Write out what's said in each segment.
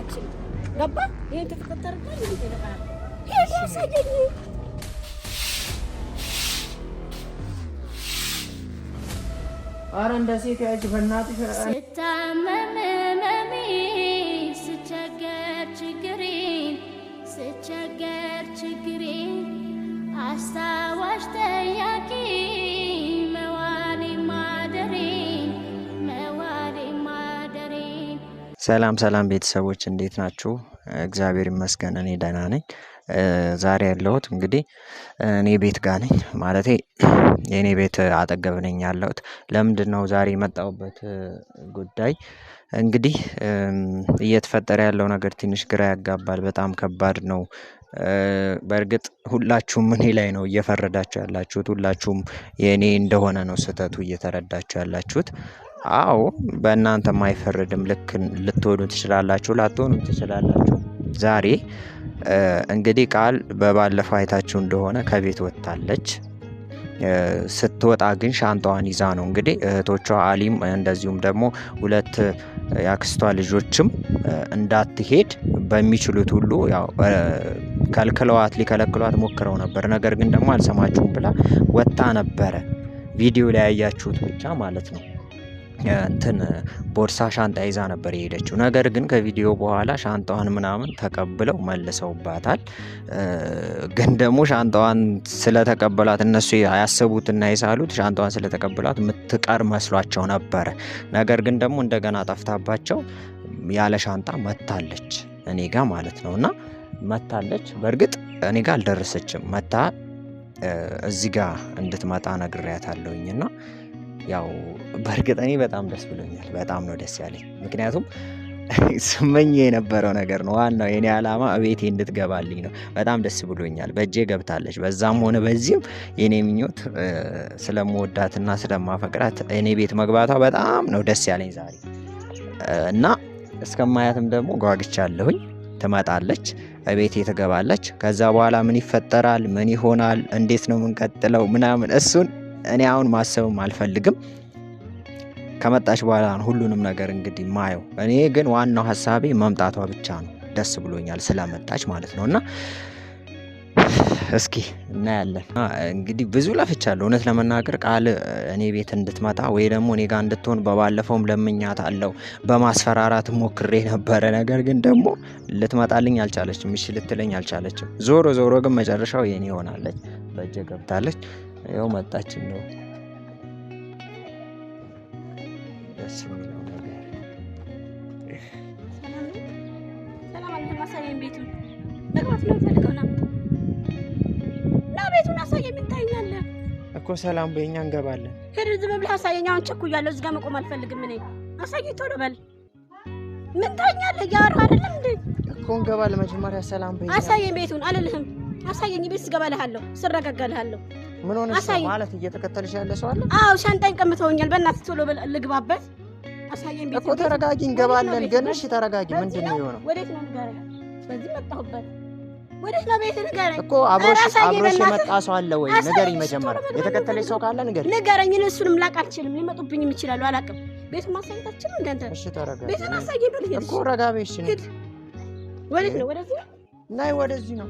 አልሰማችም። ገባ ይህን ተፈጠር ይሄ ያሳየኝ አረ እንደ ሴት ያጅ በእናትሽ ስታመም መሜ ስቸገር ችግሬን ስቸገር ችግሬን አስታዋሽ ጠያቂ ሰላም ሰላም ቤተሰቦች እንዴት ናችሁ? እግዚአብሔር ይመስገን እኔ ደህና ነኝ። ዛሬ ያለሁት እንግዲህ እኔ ቤት ጋር ነኝ ማለቴ የእኔ ቤት አጠገብ ነኝ ያለሁት ለምንድነው ዛሬ የመጣሁበት ጉዳይ እንግዲህ እየተፈጠረ ያለው ነገር ትንሽ ግራ ያጋባል በጣም ከባድ ነው። በእርግጥ ሁላችሁም እኔ ላይ ነው እየፈረዳችሁ ያላችሁት ሁላችሁም የእኔ እንደሆነ ነው ስህተቱ እየተረዳችሁ ያላችሁት አዎ በእናንተም አይፈረድም ልክ ልትሆኑ ትችላላችሁ ላትሆኑ ትችላላችሁ። ዛሬ እንግዲህ ቃል በባለፈው አይታችሁ እንደሆነ ከቤት ወጥታለች። ስትወጣ ግን ሻንጣዋን ይዛ ነው እንግዲህ እህቶቿ አሊም እንደዚሁም ደግሞ ሁለት የአክስቷ ልጆችም እንዳትሄድ በሚችሉት ሁሉ ያው ከልክለዋት ሊከለክሏት ሞክረው ነበር። ነገር ግን ደግሞ አልሰማችሁም ብላ ወጣ ነበረ። ቪዲዮ ላይ ያያችሁት ብቻ ማለት ነው። እንትን ቦርሳ ሻንጣ ይዛ ነበር የሄደችው። ነገር ግን ከቪዲዮ በኋላ ሻንጣዋን ምናምን ተቀብለው መልሰውባታል። ግን ደግሞ ሻንጣዋን ስለተቀበሏት እነሱ ያሰቡትና የሳሉት ሻንጣዋን ስለተቀበሏት የምትቀር መስሏቸው ነበረ። ነገር ግን ደግሞ እንደገና ጠፍታባቸው ያለ ሻንጣ መታለች፣ እኔ ጋ ማለት ነው እና መታለች። በእርግጥ እኔ ጋ አልደረሰችም። መታ እዚህ ጋ እንድትመጣ ነግሬያታለሁኝ እና ያው በእርግጥ እኔ በጣም ደስ ብሎኛል። በጣም ነው ደስ ያለኝ፣ ምክንያቱም ስመኝ የነበረው ነገር ነው። ዋናው የኔ ዓላማ ቤቴ እንድትገባልኝ ነው። በጣም ደስ ብሎኛል። በእጄ ገብታለች። በዛም ሆነ በዚህም የኔ ምኞት ስለምወዳትና ስለማፈቅራት እኔ ቤት መግባቷ በጣም ነው ደስ ያለኝ ዛሬ እና እስከማያትም ደግሞ ጓግቻለሁኝ። ትመጣለች፣ ቤቴ ትገባለች። ከዛ በኋላ ምን ይፈጠራል? ምን ይሆናል? እንዴት ነው የምንቀጥለው? ምናምን እሱን እኔ አሁን ማሰብም አልፈልግም። ከመጣች በኋላ ሁሉንም ነገር እንግዲህ ማየው። እኔ ግን ዋናው ሀሳቤ መምጣቷ ብቻ ነው። ደስ ብሎኛል ስለመጣች ማለት ነው እና እስኪ እናያለን። እንግዲህ ብዙ ለፍቻለሁ። እውነት ለመናገር ቃል እኔ ቤት እንድትመጣ ወይ ደግሞ እኔ ጋር እንድትሆን በባለፈውም አለው በማስፈራራት ሞክሬ ነበረ። ነገር ግን ደግሞ ልትመጣልኝ አልቻለችም። እሺ ልትለኝ አልቻለችም። ዞሮ ዞሮ ግን መጨረሻው የኔ ሆናለች። በእጄ ገብታለች። ያው መጣችን ነው ደስ የሚለው ነገር እኮ ሰላም በኛ እንገባለን። ሄድ ዝም ብለህ አሳየኝ። አሁን ቸኩያለሁ። እዚህ ጋር መቆም አልፈልግም እኔ። አሳየኝ ቶሎ በል። ምን ታኛለህ? እያወራህ አይደለም እንዴ? እኮ እንገባለን። መጀመሪያ ሰላም በኛ አሳየኝ። ቤቱን አልልህም። አሳየኝ። ቤት ስገባ እልሃለሁ፣ ስረጋጋ እልሃለሁ። ምን ሆነሽ ማለት እየተከተልሽ ያለ ሰው አለ? አዎ ሻንጣይን ቀምተውኛል። በእናትህ ቶሎ ልግባበት። እኮ ተረጋጊ፣ እንገባለን። ግን እሺ ተረጋጊ። ምንድን ነው የሆነው? ወዴት ነው ንገረኝ። በዚህ መጣሁበት። ወዴት ነው ቤት ንገረኝ እኮ። አብሮሽ አብሮሽ የመጣ ሰው አለ ወይ ንገሪኝ። መጀመሪያ የተከተለሽ ሰው ካለ ንገሪኝ፣ ንገረኝ። እሱንም ላቅ አልችልም። ሊመጡብኝም ይችላሉ፣ አላውቅም። ማሳየታችን እሺ ተረጋጊ እኮ ረጋ ነው። ወዴት ነው? ወደዚህ ነው። ናይ ወደዚህ ነው።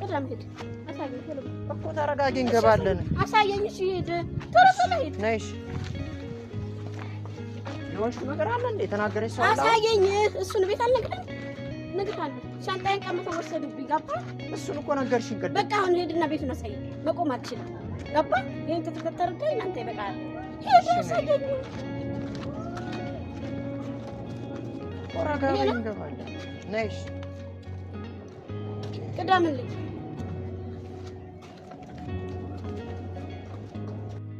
ቅዳም ሄድ አሳየኝ ቶሎ እኮ ተረጋጊ፣ እንገባለን። አሳየኝ። እሺ፣ ሂድ። ቶሎ ቶሎ ሂድ። ነይ። እሺ፣ ነገር አለ እንዴ? ተናገረሽ ሰው አሳየኝ። እሱን ቤት አልነግርም። ነግርሃለሁ። ሻንጣዬን ቀምተው ወሰዱብኝ። ገባ? እሱን እኮ ነገርሽኝ ቅድም። በቃ አሁን ሂድና ቤቱን አሳየኝ። መቆም አትችልም። ገባ? ይሄን ከተከተልከ እናንተ ይበቃል። ሂድ፣ አሳየኝ። ቆራጋ፣ እንገባለን። ነይ። እሺ፣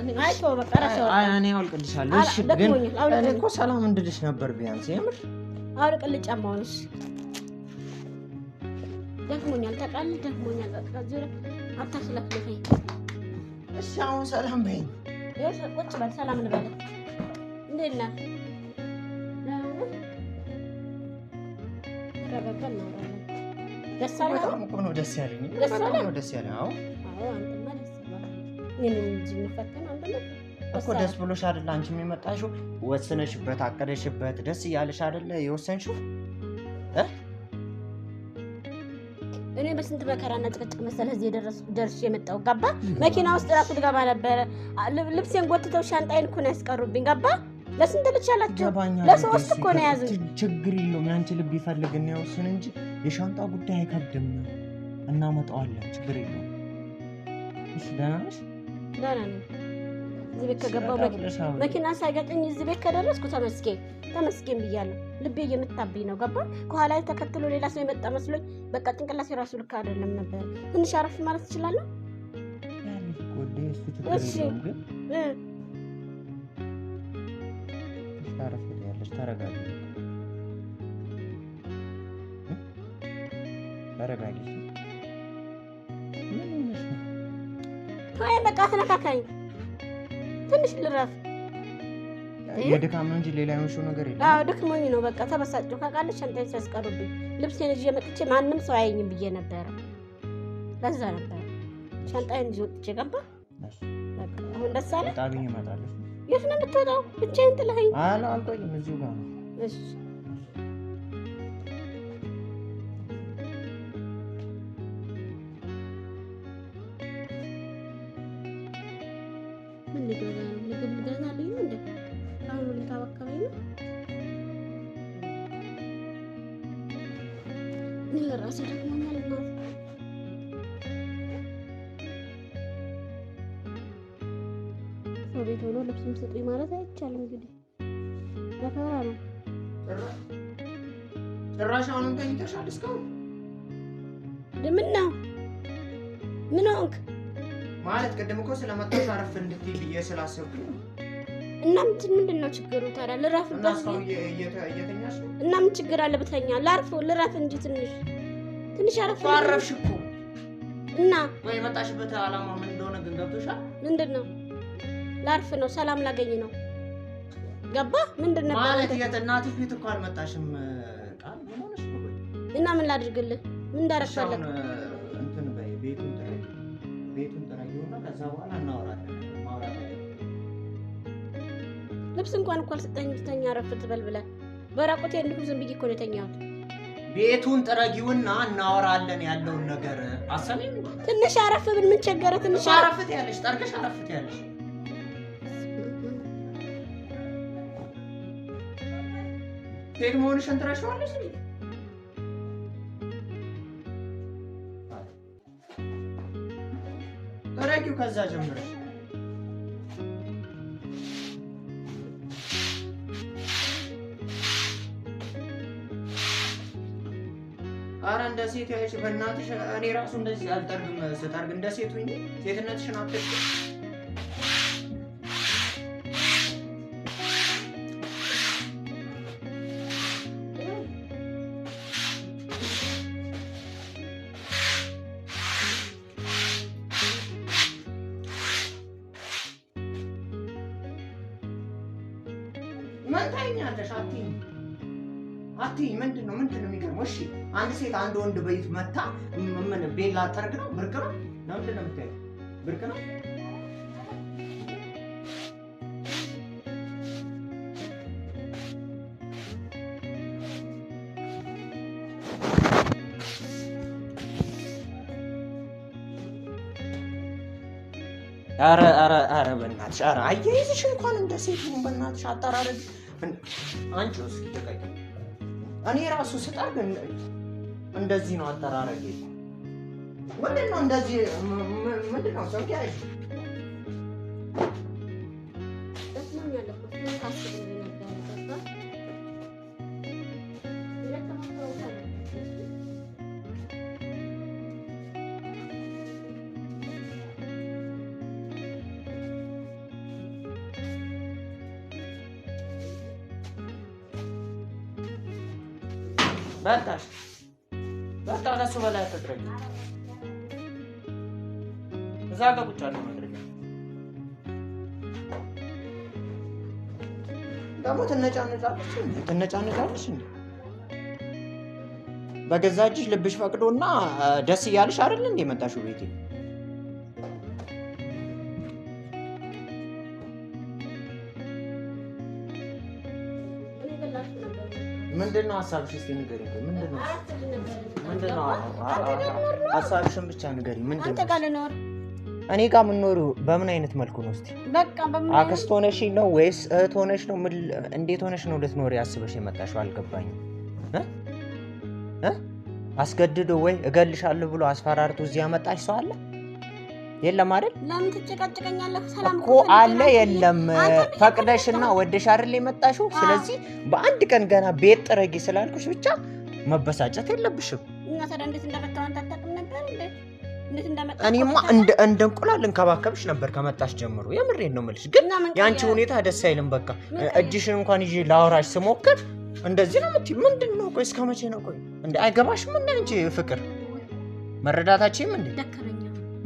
እኔ አውልቅልሻለሁ። እሺ፣ ግን እኔ እኮ ሰላም እንድልሽ ነበር ቢያንስ የምር አውልቅልሽ። ጫማውንስ ደክሞኛል፣ ታውቃለህ፣ ደክሞኛል። እሺ፣ አሁን ሰላም በይኝ። ቁጭ በል፣ ሰላም እንበል። እንዴት ነህ? ደስ አለህ? ደስ ያለኝ ደስ ያለኝ ምን እንጂ የሚፈተን እኮ ደስ ብሎሽ አንቺ የሚመጣሽው ወስነሽበት፣ አቀደሽበት፣ ደስ እያለሽ የወሰንሽው? እኔ በስንት መከራና ጭቅጭቅ መሰለህ እዚህ ደርሽ የመጣው ጋባ መኪና ውስጥ ራሱ ልገባ ነበረ። ልብሴን ጎትተው ሻንጣይን እኮ ነው ያስቀሩብኝ። ጋባ ለስንት ልጅ አላቸው? ለሶስት እኮ ነው ያዙ ችግር የለውም ያንቺ ልብ ይፈልግና የወስን እንጂ የሻንጣ ጉዳይ አይከድም። እናመጣዋለን። ችግር የለውም። እሺ፣ ደህና ነሽ? ደህና ነኝ። እዚህ ቤት ከገባሁ መኪና ሳይገጥኝ እዚህ ቤት ከደረስኩ ተመስገን ተመስገን ብያለሁ። ልቤ እየመታብኝ ነው። ገባ ከኋላ ተከትሎ ሌላ ሰው የመጣ መስሎኝ በቃ ጭንቅላሴ ራሱ ልክ አይደለም ነበር። ትንሽ አረፍ ማለት ትችላለህ? እሺ ተረጋጊ። በቃ አትነካካኝ፣ ትንሽ ልረፍ። የድካም ነው እንጂ ሌላ የሆንሽው ነገር የለም። አዎ ድክሞኝ ነው። በቃ ተበሳጭ ካቃለች ሸንጣይን ሲያስቀሩብኝ ልብሴን ይዤ መጥቼ ማንም ሰው አያኝም ብዬ ነበረ። ለዛ ነበረ ሸንጣይን ይዤ ወጥቼ ገባ። አሁን ደስ አለ። የት ነው የምትወጣው? ብቻዬን ጥለኸኝ? አልቆይም እዚሁ ጋር ነው። እሺ ራሴ ደክሞኛል እናት ሰው ቤት ሆኖ ልብስም ስጡኝ ማለት አይቻልም። እንግዲህ በተራ ነው። ጭራሽ አሁንም ተኝተሻል እስካሁን? ምን ምን ሆንክ? ማለት ቅድም እኮ ስለመጣሽ አረፍ እንድትይ ብዬ ስላሰብኩ እና ምንድን ነው ችግሩ ታዲያ? ልረፍበት እና ምን ችግር አለ ብተኛ? ላርፍ ልረፍ እንጂ ትንሽ ትንሽ አረፍ አረፍሽ እኮ እና ወይ የመጣሽበት ዓላማ ምን እንደሆነ ግን ገብቶሻል? ምንድን ነው? ላርፍ ነው፣ ሰላም ላገኝ ነው። ገባ ምንድን ነበር ማለት? የት እናትሽ ቤት እኮ አልመጣሽም። ቃል ምን ሆነሽ ነው? እና ምን ላድርግልህ? ምን እንዳረፍ እንትን በይ፣ ቤቱን ጥራይ፣ ቤቱን ጥራይ እና ከዛ በኋላ እናወራለን። ማውራት ልብስ እንኳን እኮ አልሰጠኝ፣ ትተኛ፣ አረፍ ትበል ብለህ በራቁቴ እንዲሁ ዝም ብዬሽ እኮ ነው የተኛሁት። ቤቱን ጥረጊውና እናወራለን ያለውን ነገር አሰሚም። ትንሽ አረፍ ብን ምን ቸገረ? ትንሽ አረፍት ያለሽ ጠርገሽ አረፍት ያለሽ ሴት መሆንሽን ትረሺዋለሽ። ጥረጊው ከዛ ጀምረሽ ሴት ያለች በእናትሽ እኔ ራሱ እንደዚህ አልጠርግም። ስታርግ እንደ ሴቱ እ ሴትነትሽን አትሽ ምን ታይኛለሽ? አትይኝ አትይኝ። ምንድን ነው ምንድን ነው የሚገርመው? እሺ አንድ ሴት አንድ ወንድ በይት መታ ምን ቤላ ጠርግ ነው ብርቅ ነው ነው ለምንድን ነው የምታየው? ብርቅ ነው አረ አረ አረ በእናትሽ አረ አያይዝሽ እንኳን እንደ ሴት በእናትሽ አጠራረግ አንቺ ውስጥ እኔ ራሱ ስጠርግ እንደዚህ ነው አጠራረጌ። ምንድን ነው እንደዚህ? ምንድን ነው ሰው በልጣሽ በልጣ ከሱ በላይ አትድረግ። እዛ ጋር ቁጭ አለው መድረግ ደግሞ ትነጫነጫለች ትነጫነጫለች እንዴ በገዛ እጅሽ ልብሽ ፈቅዶና ደስ እያለሽ አይደል እንዴ መጣሽው ቤቴ ምንድነው ሀሳብሽ? እስኪ ንገሪኝ። ምንድነው ምንድነው ሀሳብሽን ብቻ ንገሪኝ። ምንድነው አንተ ጋር ልኖር እኔ ጋር የምኖሩ በምን አይነት መልኩ ነው? እስኪ በቃ በምን አክስት ሆነሽ ነው ወይስ እህት ሆነሽ ነው? እንዴት ሆነሽ ነው ልትኖሪ አስበሽ የመጣሽው? አልገባኝም። አስገድዶ ወይ እገልሻለሁ ብሎ አስፈራርቶ እዚህ ያመጣሽ ሰው አለ? የለም አይደል? ለምን ትጨቃጨቀኛለህ? ሰላም እኮ አለ። የለም ፈቅደሽና ወደሽ አይደል የመጣሽው? ስለዚህ በአንድ ቀን ገና ቤት ጥረጊ ስላልኩሽ ብቻ መበሳጨት የለብሽም። እና ታዲያ እንዴት እንደመጣሁ አንተ አታውቅም ነበር እንዴ? እኔማ እንደ እንደ እንቁላል እንከባከብሽ ነበር ከመጣሽ ጀምሮ። የምሬን ነው የምልሽ። ግን የአንቺ ሁኔታ ደስ አይልም። በቃ እጅሽን እንኳን ይዤ ላውራሽ ስሞክር እንደዚህ ነው የምትይው። ምንድን ነው? ቆይ እስከ መቼ ነው? ቆይ እንደ አይገባሽም። እና አንቺ ፍቅር መረዳታችንም እንዴ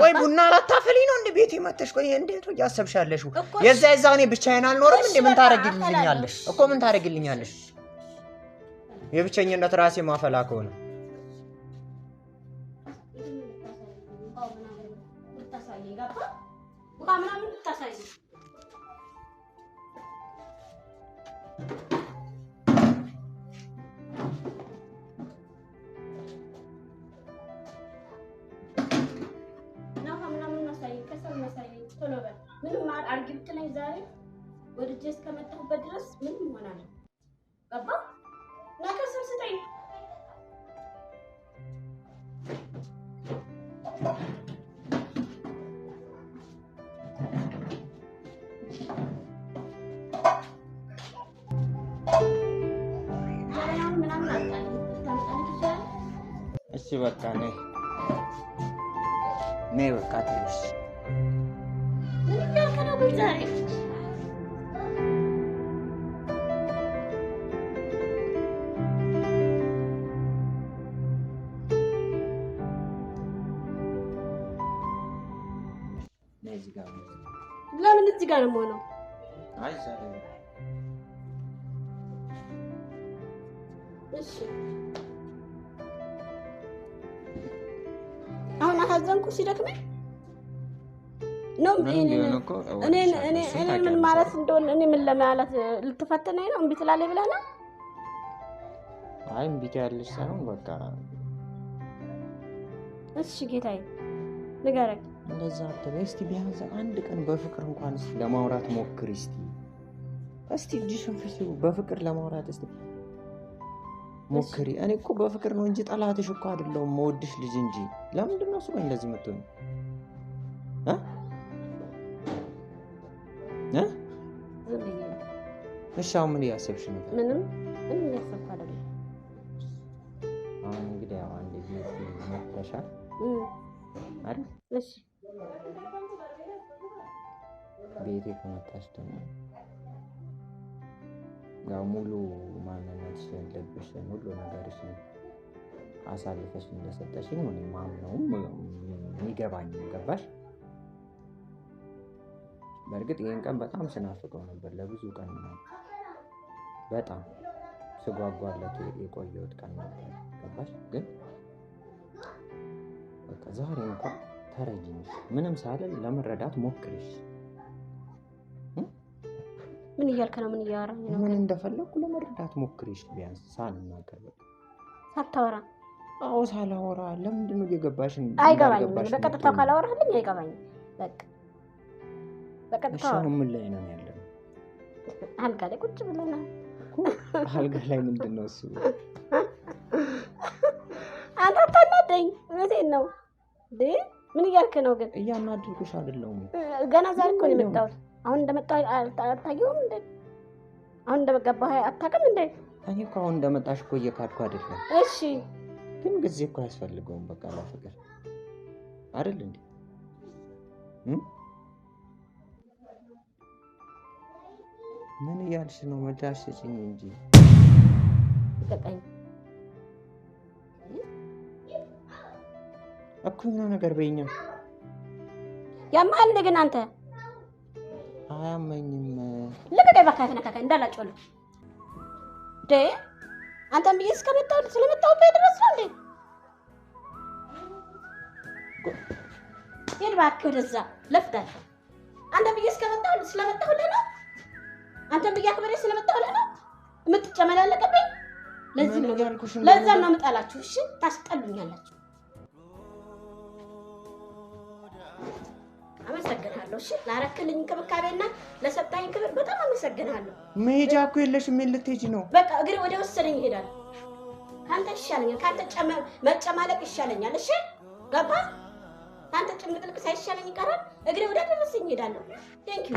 ቆይ ቡና ላታፈሊ ነው እንዴ? ቤት መተሽ? ቆይ እንዴት እያሰብሻለሽ? የዛ የዛ እኔ ብቻዬን አልኖርም እንዴ? ምን ታረግልኛለሽ እኮ ምን ታረግልኛለሽ? የብቸኝነት ራሴ ማፈላ ከሆነ ምናምን አርግብት ነኝ። ዛሬ ወድጄ እስከመጣሁበት ድረስ ምንም እሆናለሁ። ገባ ናከስም ስጠኝ። እሺ በቃ ነይ ነይ በቃ ትንሽ ዛሬ ለምን እዚህ ጋር ነው የምሆነው? አሁን አሳዘንኩ ሲደክመኝ ነው እኔ ምን ማለት እንደሆነ እኔ ምን ለማለት ልትፈትነኝ ነው? እምቢ ትላለች ብለህ ነው? አይ እምቢ ትያለሽ ሳይሆን በቃ እሺ ጌታዬ ንገረኝ። እንደዛ አትበይ እስቲ፣ ቢያንስ አንድ ቀን በፍቅር እንኳን እስቲ ለማውራት ሞክሪ እስቲ እስቲ እጅሽን ፍቺው በፍቅር ለማውራት እስቲ ሞክሪ። እኔ እኮ በፍቅር ነው እንጂ ጠላትሽ እኮ አይደለሁም፣ መወድሽ ልጅ እንጂ። ለምንድን ነው እሱ እንደዚህ የምትሆኝ? እሺ አሁን ምን እያሰብሽ ነው? ምንም ምንም እያሰብኩ አይደለም። አሁን እንግዲህ ያው አንድ ጊዜ አይደል? እሺ ቤቴ ከመጣሽ ደግሞ ያው ሙሉ ማንነትሽን ሁሉ ነገርሽን አሳልፈሽ እንደሰጠሽኝ ነው ማምነውም የሚገባኝ ገባሽ? በእርግጥ ይህን ቀን በጣም ስናፍቀው ነበር። ለብዙ ቀን ነው በጣም ስጓጓለት የቆየሁት ቀን ነበር። ገባሽ ግን ዛሬ እንኳን ተረጅኝ ምንም ሳልል ለመረዳት ሞክርሽ። ምን እያልክ ነው? ምን እያወራ ምን እንደፈለግኩ ለመረዳት ሞክርሽ። ቢያንስ ሳልናገር ሳታወራ አዎ፣ ሳላወራ ለምንድን ነው እየገባሽ? አይገባኝም። በቀጥታው ካላወራልኝ አይገባኝም በቃ በቀጥታ ምን ላይ ነው ያለው? አልጋ ላይ ቁጭ ብለናል። አልጋ ላይ ምንድን ነው እሱ? አንተ አታናደኝ። እውነቴን ነው። ምን እያልክ ነው ግን? እያናደድኩሽ አይደለሁም። ገና ዛሬ እኮ ነው የመጣሁት። አሁን እንደመጣሁ አልታየሁም እንዴ? አሁን እንደገባሁ አታውቅም እንዴ? እኔ እኮ አሁን እንደመጣሽ እኮ እየካድኩ አይደለም። እሺ፣ ግን ጊዜ እኮ አያስፈልገውም። በቃ ለፍቅር አይደል እንዴ? ምን እያልሽ ነው? ምላሽ ስጭኝ እንጂ ልቀቀኝ እኮ የሆነ ነገር በኛ ያማል ግን አንተ አያመኝም። ልቀቀኝ በቃ ተነካካኝ እንዳላጨዋለሁ ደ አንተም ብዬ እስከመጣሁ ስለመጣሁ ድረስ ነው እንዴ? ሄድ እባክህ ወደዛ ለፍዳል። አንተም ብዬ እስከመጣሁ ስለመጣሁ ነው አንተን ብዬ አክብሬ ስለመጣሁ ነው የምትጨመላለቅብኝ። ለዚህ ነው ለዛ ነው የምጠላችሁ። እሺ ታስጠሉኛላችሁ። አመሰግናለሁ። እሺ ላረክልኝ እንክብካቤና ለሰጣኝ ክብር በጣም አመሰግናለሁ። መሄጃ እኮ የለሽም። የት ልትሄጂ ነው? በቃ እግሬ ወደ ወሰደኝ እሄዳለሁ። ከአንተ ይሻለኛል። ከአንተ መጨማለቅ ይሻለኛል። እሺ ገባ? ከአንተ ጭምልቅልቅ ሳይሻለኝ ይቀራል። እግሬ ወደ ደረሰኝ ቴንክ ዩ